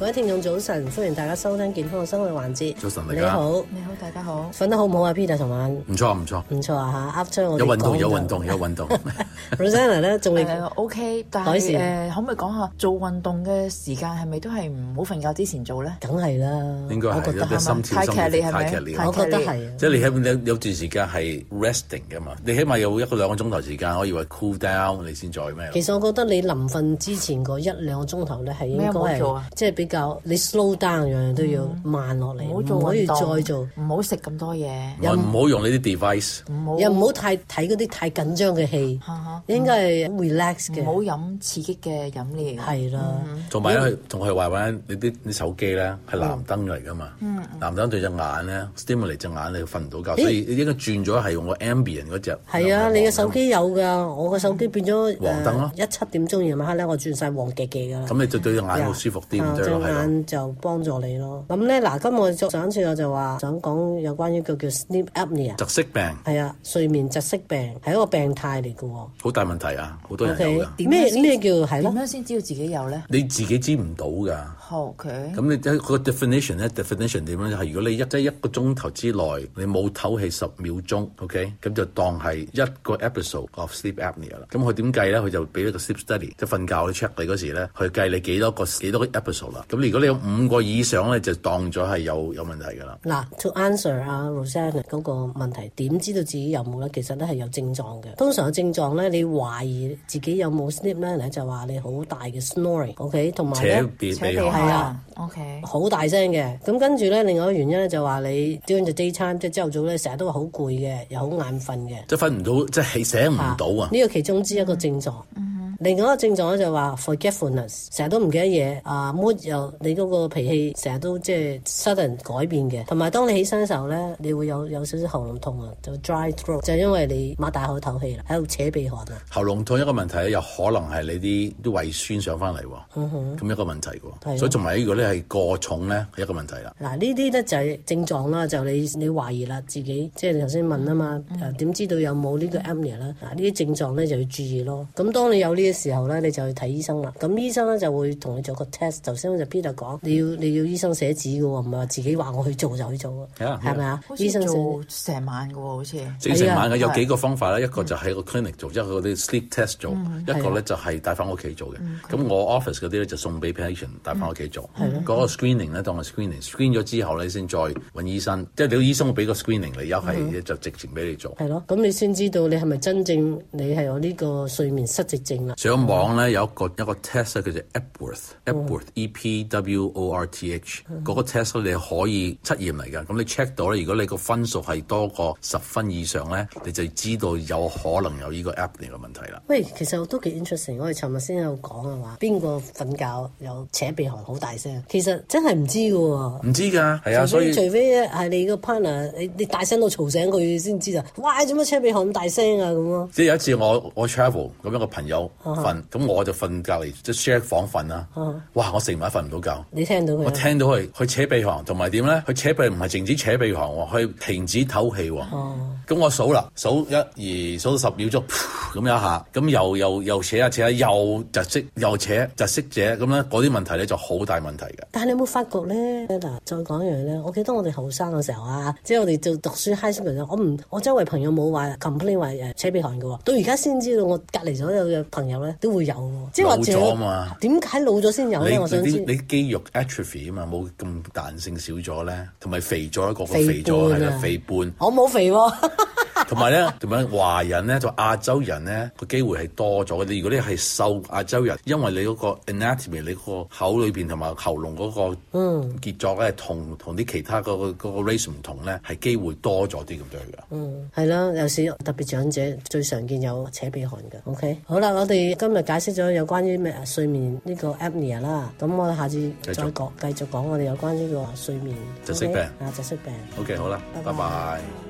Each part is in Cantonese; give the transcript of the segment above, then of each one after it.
各位聽眾早晨，歡迎大家收聽健康嘅生活環節。早晨，你好。你好，你好，大家好。瞓得好唔好啊，Peter，同晚？唔錯，唔錯，唔錯啊。吓，After 我有運動，有運動，有運動，Rosanna 呢，仲未，OK。但係，呃，可唔可以講下做運動嘅時間係咪都係唔好瞓覺之前做呢？梗係啦，應該係。我覺得心跳太劇烈，太劇烈，我覺得係，即係你有段時間係 resting 㗎嘛，你起碼有一個兩個鐘頭時間可以話 cool down，你先再咩？其實我覺得你臨瞓之前嗰一兩個鐘頭呢係應該做啊，即係俾，教你 slow down，樣樣都要慢落嚟，唔可以再做。唔好食咁多嘢，又唔好用呢啲 device，又唔好太睇嗰啲太緊張嘅戲。應該係 relax 嘅。唔好飲刺激嘅飲料。係啦，同埋咧，同佢話話你啲啲手機咧，係藍燈嚟噶嘛。藍燈對隻眼咧，stimulate 隻眼，你瞓唔到覺。所以你應該轉咗係用個 ambient 嗰隻。係啊，你嘅手機有㗎，我嘅手機變咗黃燈咯。一七點鐘夜晚黑咧，我轉曬黃嘅嘅㗎啦。咁你就對隻眼好舒服啲咁樣。眼就幫助你咯。咁咧嗱，今日我上一次我就話想講有關於叫叫 sleep apnea 窒息病。係啊，睡眠窒息病係一個病態嚟㗎喎。好大問題啊！好多人有咩咩、okay, 叫係咯？點樣先知道自己有咧？你自己知唔到㗎？好、okay. 佢。咁你即個 definition 咧？definition 點樣係如果你一即係一個鐘頭之內，你冇唞氣十秒鐘，OK，咁就當係一個 episode of sleep apnea 啦。咁佢點計咧？佢就俾一個 sleep study，即瞓覺 check 你嗰時咧，佢計你幾多個幾多個 episode 啦。咁如果你有五個以上咧，就當咗係有有問題㗎啦。嗱，to answer 啊 Rosanna 嗰個問題，點知道自己有冇咧？其實都係有症狀嘅。通常有症狀咧，你懷疑自己有冇 sleep 咧，就話你好大嘅 snoring，OK，okay？同埋咧，係啊，OK，好大聲嘅。咁跟住咧，另外一個原因咧就話你 during the daytime，即係朝頭早咧，成日都好攰嘅，又好眼瞓嘅，即係瞓唔到，即係醒唔到啊。呢個其中之一個症狀。Mm-hmm. 另外一個症狀咧就話 forgetfulness，成日都唔記得嘢。啊，mood 又你嗰個脾氣成日都即係 sudden 改變嘅。同埋當你起身嘅時候咧，你會有有少少喉嚨痛啊，就 dry throat，就因為你擘大口透氣啦，喺度扯鼻鼾啊。喉嚨痛一個問題咧，又可能係你啲啲胃酸上翻嚟喎。咁、嗯、一個問題喎，所以同埋呢個咧係過重咧一個問題啦。嗱，呢啲咧就係症狀啦，就你你懷疑啦自己，即係你頭先問啊嘛，點知道有冇呢個 apnea 啦？嗱，呢啲症狀咧就要注意咯。咁當你有呢、呢個。嘅時候咧，你就去睇醫生啦。咁醫生咧就會同你做個 test，頭先我就邊度講，你要你要醫生寫紙嘅喎，唔係話自己話我去做就去做啊，係咪啊？醫生做成晚嘅喎，好似整成晚嘅，有幾個方法咧，mm-hmm. 一個就喺個 clinic 做，一個啲 sleep test 做，mm-hmm. 一個咧就係帶翻屋企做嘅。咁、mm-hmm. 我 office 嗰啲咧就送俾 patient 帶翻屋企做，嗰、mm-hmm. 個 screening 咧當係 screening，screen 咗之後咧先再揾醫生，即係你個醫生會俾個 screening 你，有係就直接俾你做。係、mm-hmm. 咯，咁你先知道你係咪真正你係有呢個睡眠窒息症啦。上網咧有一個、嗯、一個 test 叫做 Epworth、嗯、Epworth, Epworth Epworth E P W O R T H 嗰個 test 你可以測驗嚟㗎，咁你 check 到咧，如果你個分數係多過十分以上咧，你就知道有可能有呢個 apnea 嘅問題啦。喂，其實挺我都幾 interesting，我哋尋日先有講啊，嘛？邊個瞓覺有扯鼻鼾好大聲？其實真係唔知㗎喎，唔知㗎，係啊，除非所以除非係你個 partner，你你大聲到嘈醒佢先知就：「哇，做乜扯鼻鼾咁大聲啊？咁咯，即係有一次我我 travel 咁一個朋友。瞓，咁 我就瞓隔離，即係 share 房瞓啦。 哇，我成晚瞓唔到覺。你聽到佢？我聽到佢，佢扯鼻鼾，同埋點咧？佢扯鼻唔係淨止扯鼻鼾喎，佢停止唞氣喎。 咁我數啦，數一、二，數到十秒鐘，咁一下，咁又又又扯下扯，下，又窒息，又扯窒、啊、息者。咁咧嗰啲問題咧就好大問題嘅。但係你有冇發覺咧？嗱，再講一樣咧，我記得我哋後生嘅時候啊，即係我哋做讀書 high school 嘅時候，我唔我周圍朋友冇話，complain 話誒扯鼻鼾嘅喎，到而家先知道我隔離所有嘅朋友咧都會有嘅，即係話老咗啊嘛？點解老咗先有咧？我想知你你肌肉 atrophy 啊嘛，冇咁彈性少咗咧，同埋肥咗一個，個肥咗係啦，肥胖、啊。我冇肥喎。同埋咧，同埋華人咧，就亞洲人咧，個機會係多咗。你如果你係瘦亞洲人，因為你嗰個 anatomy，你嗰個口裏面同埋喉嚨嗰個嗯結作咧，同同啲其他嗰個嗰個 race 唔同咧，係機會多咗啲咁樣嘅。嗯，係囉，有時特別長者最常見有扯鼻鼾嘅。OK，好啦，我哋今日解釋咗有關於咩睡眠呢個 apnea 啦。咁我下次再講，繼續講我哋有關呢個睡眠窒息病啊，窒息病，okay？OK，好啦，拜拜。Bye bye。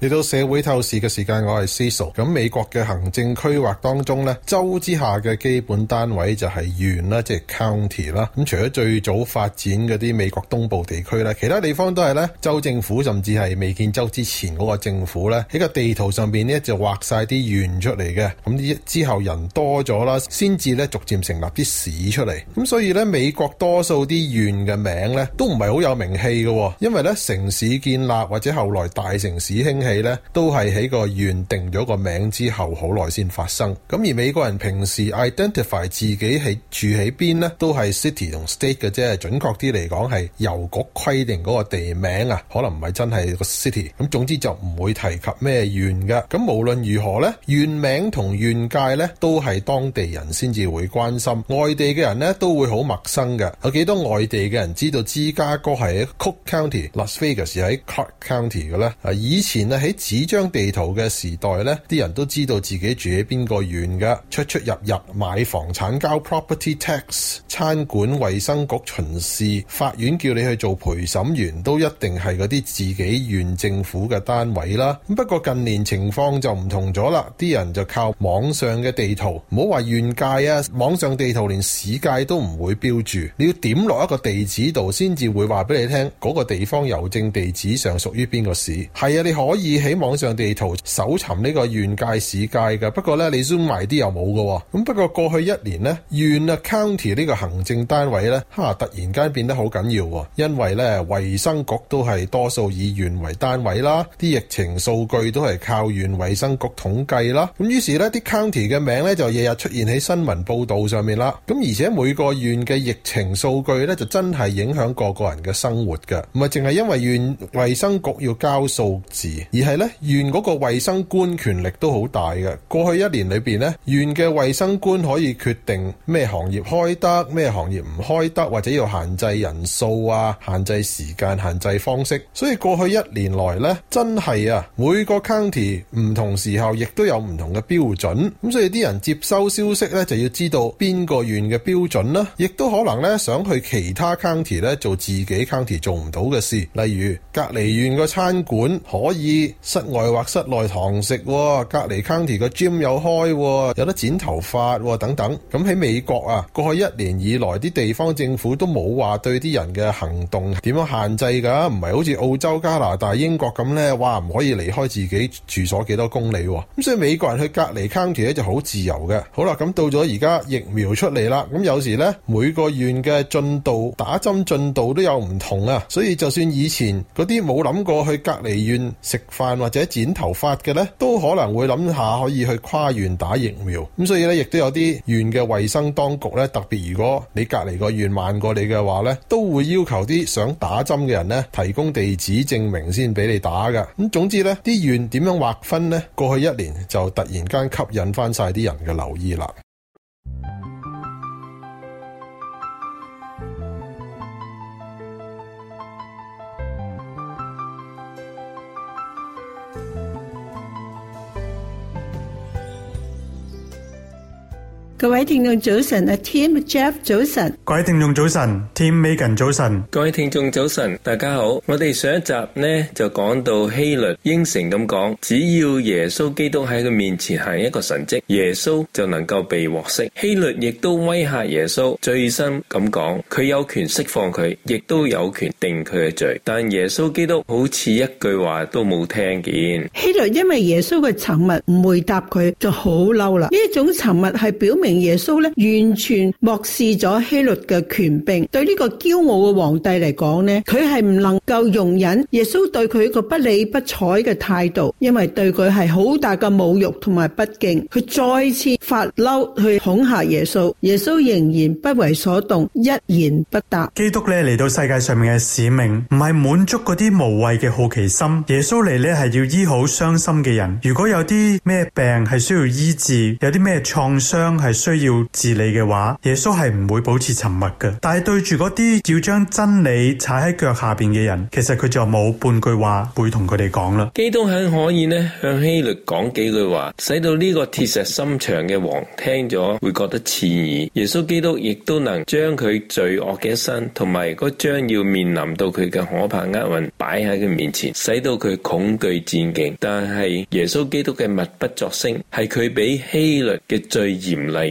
嚟到社會透視嘅時間，我係 Cecil。咁美國嘅行政區劃當中呢，州之下嘅基本單位就係縣啦，即係 county 啦。咁除咗最早發展嗰啲美國東部地區啦，其他地方都係呢，州政府甚至係未建州之前嗰個政府呢，喺個地圖上面呢，就畫晒啲縣出嚟嘅。咁之後人多咗啦，先至呢逐漸成立啲市出嚟。咁所以呢，美國多數啲縣嘅名呢，都唔係好有名氣嘅，因為呢城市建立或者後來大城市興起。係咧，都係喺個縣定咗個名之後，好耐先發生。咁而美國人平時 identify 自己係住喺邊咧，都係 city 同 state 嘅啫。準確啲嚟講，係郵局規定嗰個地名啊，可能唔係真係個 city。咁總之就唔會提及咩縣嘅。咁無論如何咧，縣名同縣界咧，都係當地人先至會關心，外地嘅人咧都會好陌生嘅。有幾多外地嘅人知道芝加哥係喺 Cook County，Las Vegas 喺 Clark County 嘅咧？啊，以前咧。喺紙張地圖嘅時代呢，啲人都知道自己住喺邊個縣㗎，出出入入買房產交 property tax，餐館、衛生局巡視、法院叫你去做陪審員，都一定係嗰啲自己縣政府嘅單位啦。不過近年情況就唔同咗啦，啲人就靠網上嘅地圖，唔好話縣界啊，網上地圖連市界都唔會標注，你要點落一個地址度先至會話俾你聽嗰個地方郵政地址上屬於邊個市？係啊，你可以。而喺網上地圖搜尋呢個縣界市界嘅，不過咧你 zoom 埋啲又冇嘅。咁不過過去一年呢，縣啊 county 呢個行政單位咧，嚇突然間變得好緊要喎，因為咧衞生局都係多數以縣為單位啦，啲疫情數據都係靠縣衞生局統計啦，咁於是呢啲 county 嘅名咧就日日出現喺新聞報導上面啦，咁而且每個縣嘅疫情數據咧就真係影響個個人嘅生活嘅，唔係淨係因為縣衞生局要交數字。而係咧，縣嗰個衛生官權力都好大嘅。過去一年裏邊咧，縣嘅衛生官可以決定咩行業開得，咩行業唔開得，或者要限制人數啊、限制時間、限制方式。所以過去一年來咧，真係啊，每個 county 唔同時候亦都有唔同嘅標準。咁所以啲人接收消息咧，就要知道邊個縣嘅標準啦。亦都可能咧，想去其他 county 咧做自己 county 做唔到嘅事，例如隔離縣個餐館可以。室外或室內堂食，隔離 county 個 gym 有開，有得剪頭髮等等。咁喺美國啊，過去一年以來，啲地方政府都冇話對啲人嘅行動點樣限制㗎，唔係好似澳洲、加拿大、英國咁呢話唔可以離開自己住所幾多公里。咁所以美國人去隔離 county 咧就好自由嘅。好啦，咁到咗而家疫苗出嚟啦，咁有時呢，每個縣嘅進度打針進度都有唔同啊，所以就算以前嗰啲冇諗過去隔離縣食飯或者剪頭髮嘅呢，都可能會諗下可以去跨縣打疫苗。咁所以咧，亦都有啲縣嘅衞生當局呢，特別如果你隔離個縣慢過你嘅話呢，都會要求啲想打針嘅人呢，提供地址證明先俾你打㗎。咁總之呢，啲縣點樣劃分呢？過去一年就突然間吸引翻晒啲人嘅留意啦。各位聽眾早晨，阿 Tim、Jeff 早晨，各位聽眾早晨，Tim、Megan 早晨，各位聽眾早晨，大家好。我哋上一集呢就講到希律應承咁講，只要耶穌基督喺佢面前行一個神蹟，耶穌就能夠被獲釋。希律亦都威嚇耶穌，最新咁講，佢有權釋放佢，亦都有權定佢嘅罪。但耶穌基督好似一句話都冇聽見。希律因為耶穌嘅沉默唔回答佢，就好嬲啦。呢一種沉默係表明。耶穌呢,需要治理嘅話，耶穌係唔會保持沉默嘅。但係對住嗰啲要將真理踩喺腳下邊嘅人，其實佢就冇半句話會同佢哋講啦。基督肯可以呢向希律講幾句話，使到呢個鐵石心腸嘅王聽咗會覺得刺耳。耶穌基督亦都能將佢罪惡嘅一生同埋嗰將要面臨到佢嘅可怕厄運擺喺佢面前，使到佢恐懼戰兢。但係耶穌基督嘅默不作聲，係佢俾希律嘅最嚴厲。譴責希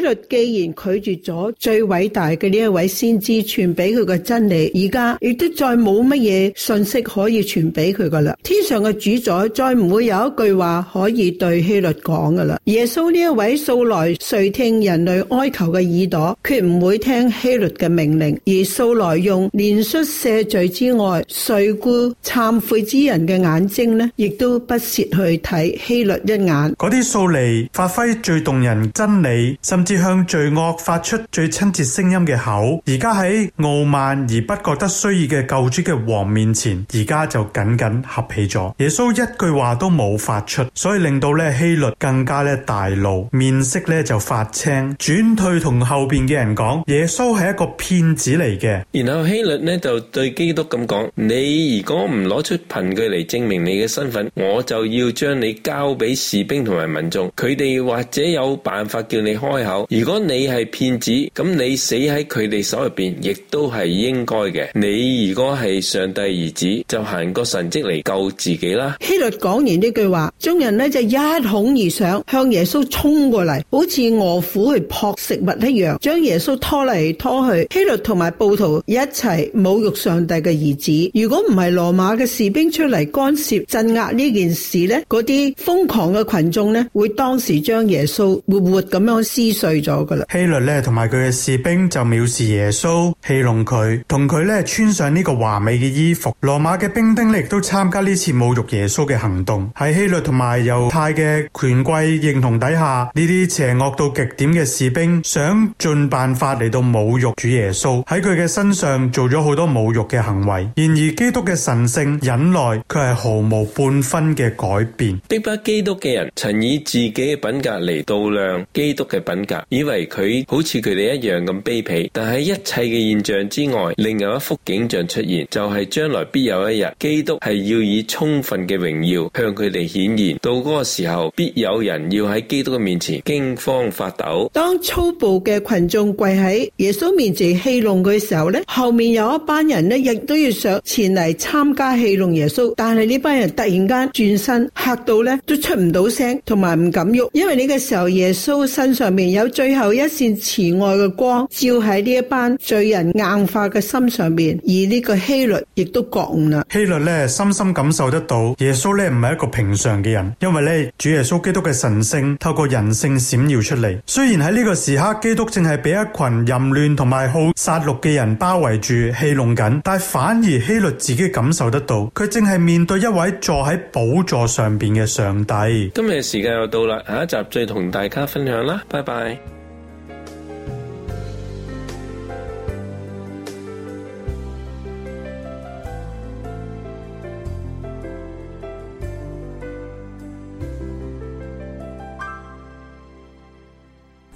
律，既然拒絕咗最偉大嘅呢一位先知傳俾佢嘅真理，而家亦都再冇乜嘢信息可以傳俾佢噶啦。天上嘅主宰再唔會有一句話可以對希律講噶啦。耶穌呢一位素來垂聽人類哀求嘅耳朵，決唔會聽希律嘅命令。而素來用憐恤赦罪之外垂顧懺悔之人嘅眼睛呢，亦都不屑去睇希律一眼。嗰啲素嚟發揮最動人，真理甚至向罪惡發出最親切聲音嘅口，而家喺傲慢而不覺得需要嘅救主嘅王面前，而家就緊緊合起咗。耶穌一句話都冇發出，所以令到咧希律更加咧大怒，面色咧就發青，轉退同後邊嘅人講：耶穌係一個騙子嚟嘅。然後希律咧就對基督咁講：你如果唔攞出憑據嚟證明你嘅身份，我就要將你交俾士兵同埋民眾，佢哋或者有辦法法叫你開口，如果你係騙子，咁你死喺佢哋手入邊，亦都係應該嘅。你如果係上帝兒子，就行個神跡嚟救自己啦。希律講完呢句話，眾人呢就一哄而上，向耶穌衝過嚟，好似餓虎去撲食物一樣，將耶穌拖嚟拖去。希律同埋暴徒一齊侮辱上帝嘅兒子。如果唔係羅馬嘅士兵出嚟干涉鎮壓呢件事呢，嗰啲瘋狂嘅群眾呢會當時將耶穌活活，咁樣撕碎咗㗎喇！希律咧同埋佢嘅士兵就藐視耶穌，戲弄佢，同佢咧穿上呢個華美嘅衣服。羅馬嘅兵丁咧亦都參加呢次侮辱耶穌嘅行動。喺希律同埋猶太嘅權貴認同底下，呢啲邪惡到極點嘅士兵想盡辦法嚟到侮辱主耶穌，喺佢嘅身上做咗好多侮辱嘅行為。然而基督嘅神聖忍耐，佢係毫無半分嘅改變。逼迫基督嘅人曾以自己嘅品格嚟度量基督嘅品格，以為佢好似佢哋一樣咁卑鄙，但喺一切嘅現象之外，另有一幅景象出現，就係將來必有一日，基督係要以充分嘅榮耀向佢哋顯現。到嗰個時候，必有人要喺基督嘅面前驚慌發抖。當粗暴嘅群眾跪喺耶穌面前戲弄佢嘅時候呢，後面有一班人呢亦都要上前嚟參加戲弄耶穌，但係呢班人突然間轉身，嚇到呢都出唔到聲，同埋唔敢喐，因為呢個時候耶穌。都身上面有最後一線慈愛嘅光照喺呢一班罪人硬化嘅心上面，而呢個希律亦都覺悟啦。希律咧，深深感受得到，耶穌咧唔係一個平常嘅人，因為咧主耶穌基督嘅神聖透過人性閃耀出嚟。雖然喺呢個時刻，基督正係俾一群淫亂同埋好殺戮嘅人包圍住戲弄緊，但反而希律自己感受得到，佢正係面對一位坐喺寶座上邊嘅上帝。今日嘅時間又到啦，下一集再同大家分享。完了，拜拜。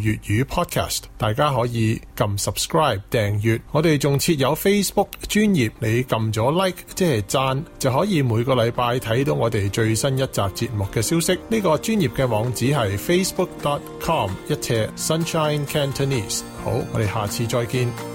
粵語 Podcast，大家可以撳 Subscribe 訂閱。我哋仲設有 Facebook 專頁，你撳咗 Like 即係讚，就可以每個禮拜睇到我哋最新一集節目嘅消息。呢、這個專頁嘅網址係 Facebook dot com 一切 Sunshine Cantonese。好，我哋下次再見。